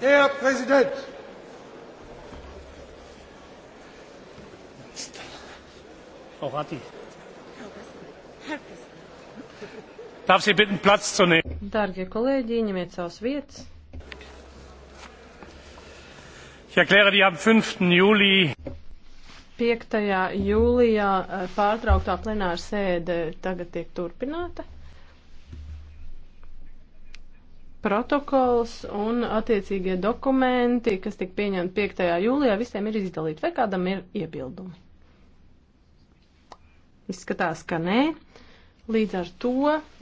Herr Präsident! Frau Ratti. Darf Sie bitten, Platz zu nehmen? Darbie kolēģi, ņemiet savas vietas. Ich erkläre die am 5. Juli 5. jūlijā eh, pārtrauktā plenāra sēde tagad tiek turpināta protokols un attiecīgie dokumenti, kas tika pieņemti 5. jūlijā, visiem ir izdalīti. Vai kādam ir iebildumi? Izskatās, ka nē. Līdz ar to